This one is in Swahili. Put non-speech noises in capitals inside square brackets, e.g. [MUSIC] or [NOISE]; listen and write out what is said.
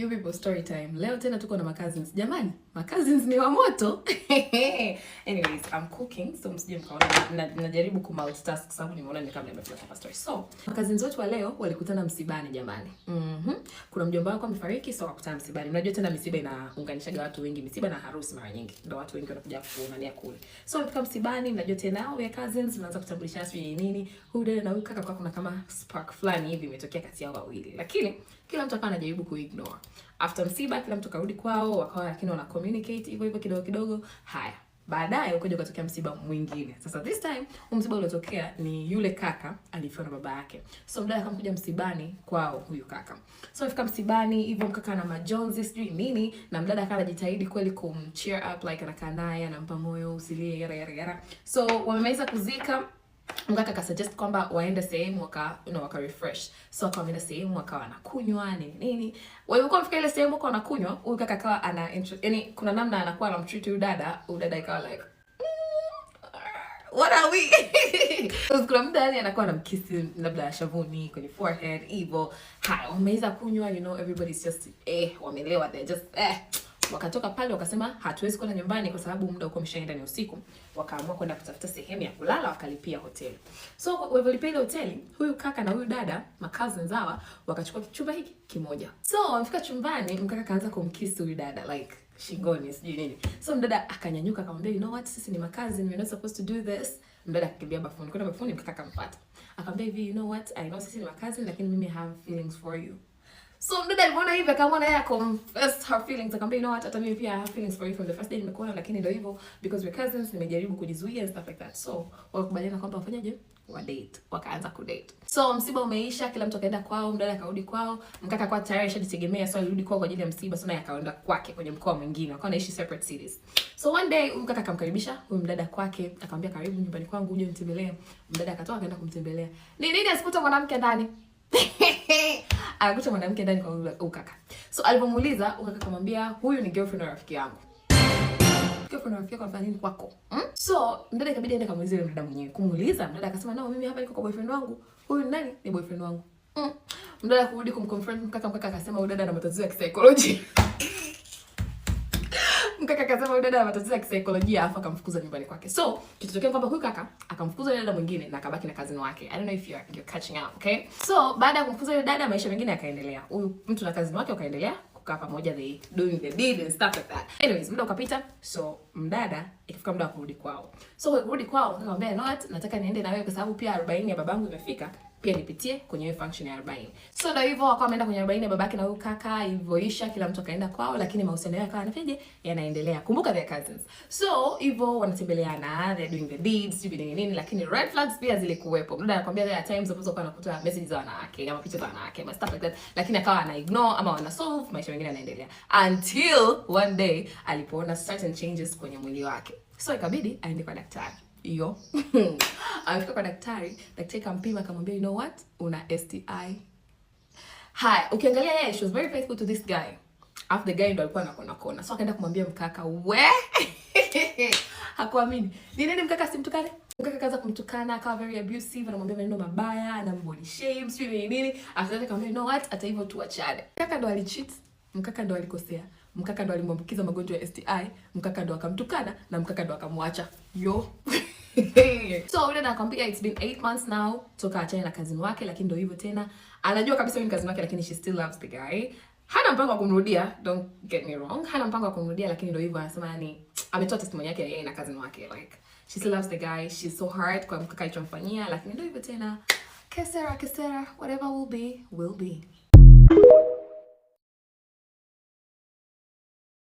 You people story time. Leo tena tuko na makazins. Jamani, makazins ni wa moto. [LAUGHS] Anyways, I'm cooking so msije mkaona najaribu ku multitask sababu nimeona ni kama nimefuta hapa story. So, makazins wetu wa leo walikutana msibani jamani. Mhm. Kuna mjomba wako amefariki so wakutana msibani. Unajua tena misiba inaunganisha watu wengi, misiba na harusi mara nyingi. Ndio watu wengi wanakuja kuona ni kule. So, walifika msibani, mnajua tena hao ya cousins mnaanza kutambulishana sijui nini. Huyu dada na huyu kaka kwa kuna kama spark fulani hivi imetokea kati yao wawili. Lakini kila mtu akawa anajaribu kuignore. After msiba kila mtu karudi kwao, wakawa lakini wana communicate hivyo hivyo kidogo kidogo. Haya, baadaye ukaja ukatokea msiba mwingine. Sasa this time msiba uliotokea ni yule kaka alifiwa na baba yake, so mdada akamkuja msibani kwao huyu kaka. So afika msibani hivyo, mkaka na majonzi sijui nini, na mdada akawa anajitahidi kweli kum cheer up, like anakaa naye anampa moyo, usilie, yara yara yara. So wamemaliza kuzika mkaka akasuggest kwamba waende sehemu waka you know, waka refresh so akawa wameenda sehemu wakawa wanakunywa nini nini. Walikuwa wamefika ile sehemu wakawa wanakunywa, huyu kaka akawa ana yani, kuna namna anakuwa anamtreat huyu dada, huyu dada ikawa like mm, what are we [LAUGHS] kuna muda yani anakuwa anamkisi labda shavuni kwenye forehead hivyo. Haya, wameweza kunywa, you know everybody's just eh, wamelewa they're just eh Wakatoka pale wakasema hatuwezi kwenda nyumbani kwa sababu muda uko mshaenda ni usiku, wakaamua kwenda kutafuta sehemu ya kulala, wakalipia hoteli. So walipolipia ile hoteli, huyu kaka na huyu dada makazi nzawa wakachukua chumba hiki kimoja. So wamefika chumbani, mkaka kaanza kumkiss huyu dada like shingoni sijui nini. So mdada akanyanyuka akamwambia, you know what, sisi ni makazi, we're not supposed to do this. Mdada akakimbia bafuni, kwenda bafuni, mkaka akampata akamwambia hivi, you know what, I know sisi ni makazi, lakini mimi have feelings for you So mdada alimuona hivyo akaamua naye confess her feelings akamwambia you know what hata mimi pia I have feelings for you from the first day nimekuona lakini ndio hivyo because we're cousins nimejaribu kujizuia and stuff like that. So wakubaliana kwamba wafanyaje? Wa date. Wakaanza ku date. So msiba umeisha, kila mtu akaenda kwao, mdada akarudi kwao, mkaka kwa tayari ashajitegemea so alirudi kwao kwa ajili ya msiba, so naye akaenda kwake kwenye mkoa mwingine. Wakawa naishi separate cities. So one day mkaka akamkaribisha huyu mdada kwake, akamwambia karibu nyumbani kwangu uje unitembelee. Mdada akatoka akaenda kumtembelea. Ni nini asikuta mwanamke ndani? [LAUGHS] anakuta ah, mwanamke ndani kwa ukaka. So alipomuuliza ukaka akamwambia huyu ni girlfriend wa rafiki yangu. Girlfriend wa rafiki yako anafanya nini kwako? Hmm? So mdada ikabidi aende kamuulize yule mdada mwenyewe. Kumuuliza mdada akasema nao mimi hapa niko kwa boyfriend wangu. Huyu ni nani? Ni boyfriend wangu. Hmm? Mdada kurudi kumconfront mkaka, mkaka akasema udada ana matatizo ya kisaikolojia. [LAUGHS] kaka akasema huyu dada ana matatizo ya kisaikolojia afa akamfukuza nyumbani kwake. So, kitotokea kwamba huyu kaka akamfukuza dada mwingine na akabaki na cousin wake. I don't know if you are, you're catching up, okay? So, baada ya kumfukuza yule dada maisha mengine yakaendelea. Huyu mtu na cousin wake wakaendelea kukaa pamoja, they doing the deed and stuff like that. Anyways, muda ukapita. So, mdada ikafika muda wa kurudi kwao. So kwa kurudi kwao nikamwambia, "No, nataka niende na wewe kwa sababu pia 40 ya babangu imefika, pia nipitie kwenye hiyo function ya 40." So ndio hivyo akawa ameenda kwenye 40 ya babake na huyo kaka, ilivyoisha kila mtu akaenda kwao, lakini mahusiano yao yakawa yanafanyaje? Yanaendelea. Kumbuka they cousins. So hivyo wanatembeleana, they doing the deeds, you nini nini, lakini red flags pia zilikuwepo. Mdada anakuambia there are times ambazo kwa anakuta message za wanawake, ama picha za wanawake, ama stuff like that, lakini akawa ana ignore ama wana solve, maisha mengine yanaendelea. Until one day alipoona certain changes kwenye kwenye mwili wake, so ikabidi aende kwa daktari hiyo amefika [LAUGHS] kwa daktari, daktari kampima, akamwambia you know what, una STI. Haya, ukiangalia yeye, she was very faithful to this guy, afu the guy ndo alikuwa anakona kona, so akaenda kumwambia mkaka, we [LAUGHS] hakuamini. Ni nini mkaka simtukane? Mkaka kaanza kumtukana, akawa very abusive, anamwambia maneno mabaya, anambody shame, sijui nini nini. Afadhali akamwambia you know what, hata hivyo tuachane. Mkaka ndo alicheat, mkaka ndo alikosea mkaka ndo alimwambukiza magonjwa ya STI, mkaka ndo akamtukana na mkaka ndo akamwacha yo [LAUGHS] so yule nakwambia, it's been 8 months now toka achane na kazini wake, lakini ndo hivyo tena, anajua kabisa huyu ni kazini wake, lakini she still loves the guy. Hana mpango wa kumrudia, don't get me wrong, hana mpango wa kumrudia, lakini ndo hivyo anasema, yani ametoa testimony yake yeye na kazini wake like she still loves the guy, she's so hard kwa mkaka alichomfanyia, lakini ndo hivyo tena, kesera kesera, whatever will be will be